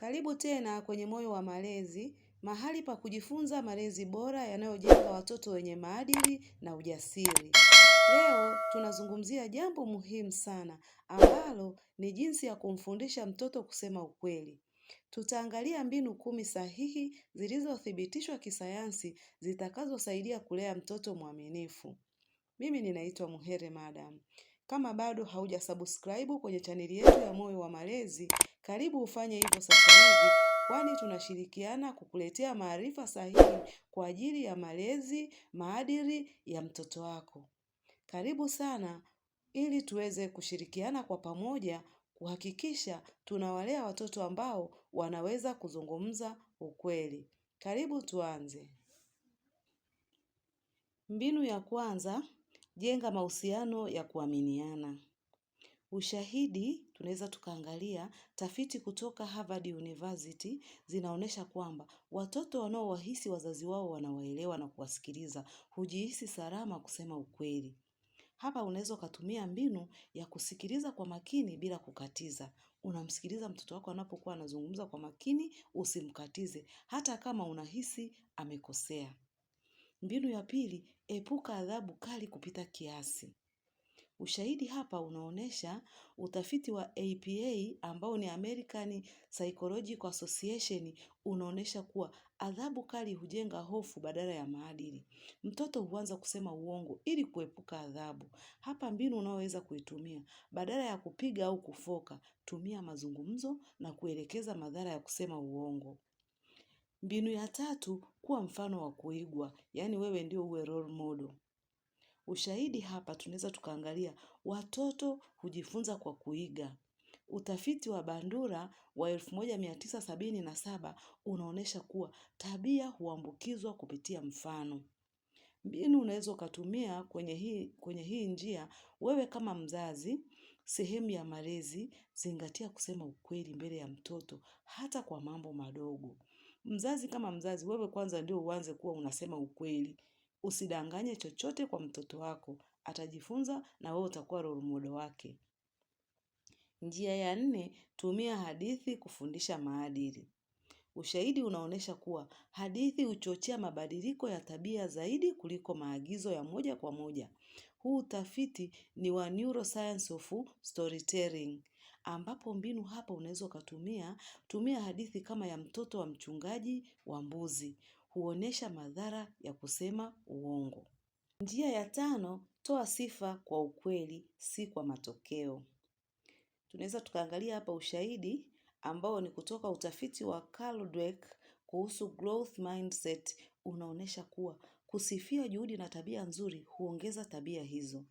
Karibu tena kwenye Moyo wa Malezi, mahali pa kujifunza malezi bora yanayojenga watoto wenye maadili na ujasiri. Leo tunazungumzia jambo muhimu sana ambalo ni jinsi ya kumfundisha mtoto kusema ukweli. Tutaangalia mbinu kumi sahihi zilizothibitishwa kisayansi zitakazosaidia kulea mtoto mwaminifu. Mimi ninaitwa Muhere Madam. Kama bado hauja subscribe kwenye chaneli yetu ya Moyo wa Malezi, karibu ufanye hivyo sasa hivi, kwani tunashirikiana kukuletea maarifa sahihi kwa ajili ya malezi, maadili ya mtoto wako. Karibu sana ili tuweze kushirikiana kwa pamoja kuhakikisha tunawalea watoto ambao wanaweza kuzungumza ukweli. Karibu tuanze. Mbinu ya kwanza, jenga mahusiano ya kuaminiana. Ushahidi tunaweza tukaangalia tafiti kutoka Harvard University zinaonesha kwamba watoto wanaowahisi wazazi wao wanawaelewa na kuwasikiliza hujihisi salama kusema ukweli. Hapa unaweza ukatumia mbinu ya kusikiliza kwa makini bila kukatiza. Unamsikiliza mtoto wako anapokuwa anazungumza kwa makini usimkatize hata kama unahisi amekosea. Mbinu ya pili, epuka adhabu kali kupita kiasi. Ushahidi hapa unaonesha utafiti wa APA ambao ni American Psychological Association unaonesha kuwa adhabu kali hujenga hofu badala ya maadili. Mtoto huanza kusema uongo ili kuepuka adhabu. Hapa mbinu unaoweza kuitumia badala ya kupiga au kufoka, tumia mazungumzo na kuelekeza madhara ya kusema uongo. Mbinu ya tatu, kuwa mfano wa kuigwa, yaani wewe ndio uwe role model. Ushahidi hapa tunaweza tukaangalia watoto hujifunza kwa kuiga. Utafiti wa Bandura wa 1977 moja unaonyesha kuwa tabia huambukizwa kupitia mfano. Mbinu unaweza ukatumia kwenye hii, kwenye hii njia, wewe kama mzazi, sehemu ya malezi, zingatia kusema ukweli mbele ya mtoto hata kwa mambo madogo. Mzazi kama mzazi, wewe kwanza ndio uanze kuwa unasema ukweli. Usidanganye chochote kwa mtoto wako, atajifunza na wewe utakuwa role model wake. Njia ya nne, tumia hadithi kufundisha maadili. Ushahidi unaonesha kuwa hadithi huchochea mabadiliko ya tabia zaidi kuliko maagizo ya moja kwa moja. Huu utafiti ni wa neuroscience of storytelling. Ambapo mbinu hapa unaweza ukatumia, tumia hadithi kama ya mtoto wa mchungaji wa mbuzi huonesha madhara ya kusema uongo. Njia ya tano, toa sifa kwa ukweli, si kwa matokeo. Tunaweza tukaangalia hapa ushahidi ambao ni kutoka utafiti wa Carl Dweck kuhusu growth mindset unaonesha kuwa kusifia juhudi na tabia nzuri huongeza tabia hizo.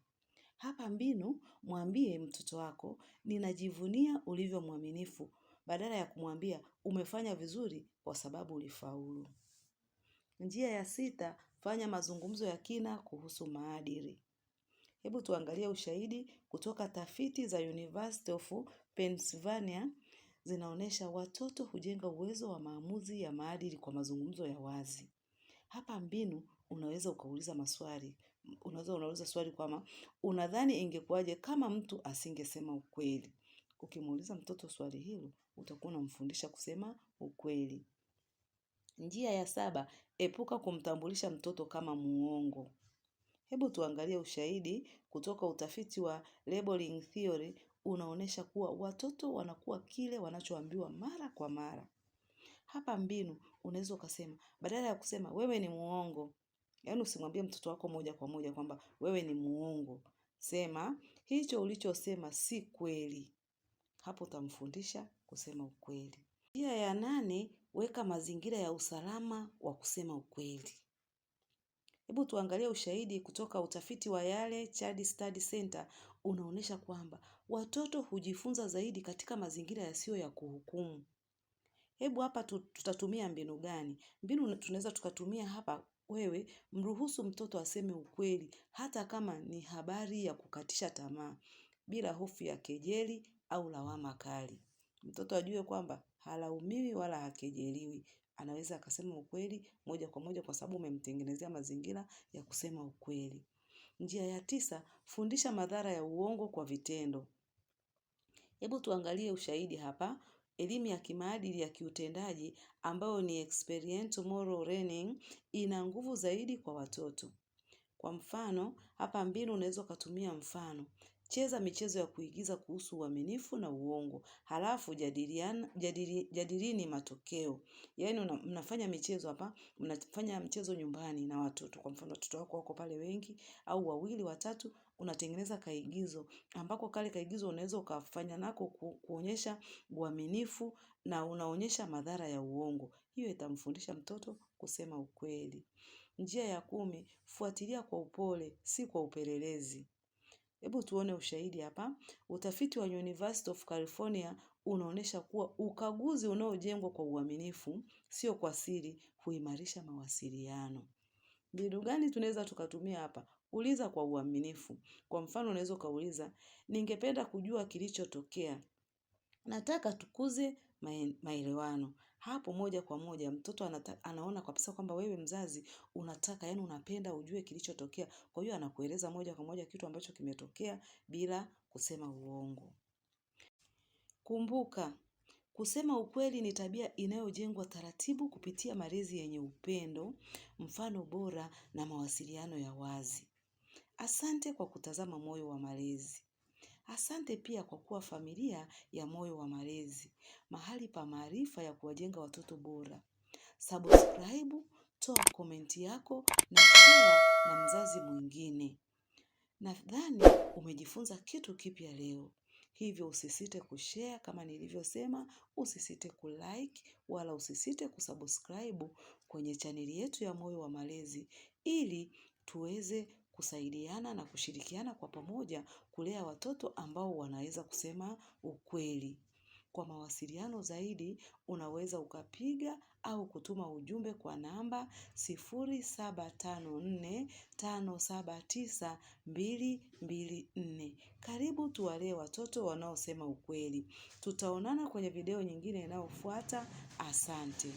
Hapa mbinu, mwambie mtoto wako, ninajivunia ulivyo mwaminifu, badala ya kumwambia umefanya vizuri kwa sababu ulifaulu. Njia ya sita, fanya mazungumzo ya kina kuhusu maadili. Hebu tuangalie ushahidi kutoka tafiti za University of Pennsylvania zinaonyesha watoto hujenga uwezo wa maamuzi ya maadili kwa mazungumzo ya wazi. Hapa mbinu unaweza ukauliza maswali. Unaweza unauliza swali kwamba unadhani ingekuwaje kama mtu asingesema ukweli. Ukimuuliza mtoto swali hilo, utakuwa unamfundisha kusema ukweli. Njia ya saba, epuka kumtambulisha mtoto kama muongo. Hebu tuangalie ushahidi kutoka utafiti wa labeling theory unaonesha kuwa watoto wanakuwa kile wanachoambiwa mara kwa mara. Hapa mbinu unaweza ukasema badala ya kusema wewe ni muongo. Yaani usimwambie mtoto wako moja kwa moja kwamba wewe ni muongo. Sema hicho ulichosema si kweli. Hapo utamfundisha kusema ukweli. Njia ya nane weka mazingira ya usalama wa kusema ukweli. Hebu tuangalie ushahidi kutoka utafiti wa Yale Child Study Center unaonyesha kwamba watoto hujifunza zaidi katika mazingira yasiyo ya kuhukumu. Hebu hapa tutatumia mbinu gani? Mbinu tunaweza tukatumia hapa, wewe mruhusu mtoto aseme ukweli, hata kama ni habari ya kukatisha tamaa, bila hofu ya kejeli au lawama kali. Mtoto ajue kwamba halaumiwi wala hakejeliwi. Anaweza akasema ukweli moja kwa moja kwa sababu umemtengenezea mazingira ya kusema ukweli. Njia ya tisa, fundisha madhara ya uongo kwa vitendo. Hebu tuangalie ushahidi hapa. Elimu ya kimaadili ya kiutendaji ambayo ni experiential moral learning ina nguvu zaidi kwa watoto. Kwa mfano, hapa mbinu unaweza ukatumia mfano. Cheza michezo ya kuigiza kuhusu uaminifu na uongo. Halafu jadirini matokeo. Yaani mnafanya michezo hapa, mnafanya mchezo nyumbani na watoto. Kwa mfano watoto wako wako pale wengi au wawili watatu unatengeneza kaigizo. Ambako kale kaigizo unaweza ukafanya nako kuonyesha uaminifu na unaonyesha madhara ya uongo. Hiyo itamfundisha mtoto kusema ukweli. Njia ya kumi, fuatilia kwa upole, si kwa upelelezi. Hebu tuone ushahidi hapa. Utafiti wa University of California unaonyesha kuwa ukaguzi unaojengwa kwa uaminifu, sio kwa siri, huimarisha mawasiliano. Mbinu gani tunaweza tukatumia hapa? Uliza kwa uaminifu. Kwa mfano unaweza ukauliza, ningependa kujua kilichotokea nataka tukuze maelewano. Hapo moja kwa moja mtoto anaona kabisa kwamba wewe mzazi unataka yani unapenda ujue kilichotokea. Kwa hiyo anakueleza moja kwa moja kitu ambacho kimetokea bila kusema uongo. Kumbuka, kusema ukweli ni tabia inayojengwa taratibu kupitia malezi yenye upendo, mfano bora na mawasiliano ya wazi. Asante kwa kutazama Moyo wa Malezi. Asante pia kwa kuwa familia ya Moyo wa Malezi, mahali pa maarifa ya kuwajenga watoto bora. Subscribe, toa komenti yako na share na mzazi mwingine. Nadhani umejifunza kitu kipya leo. Hivyo usisite kushare kama nilivyosema, usisite kulike, wala usisite kusubscribe kwenye chaneli yetu ya Moyo wa Malezi ili tuweze kusaidiana na kushirikiana kwa pamoja kulea watoto ambao wanaweza kusema ukweli. Kwa mawasiliano zaidi, unaweza ukapiga au kutuma ujumbe kwa namba 0754579224. Karibu tuwalee watoto wanaosema ukweli. Tutaonana kwenye video nyingine inayofuata. Asante.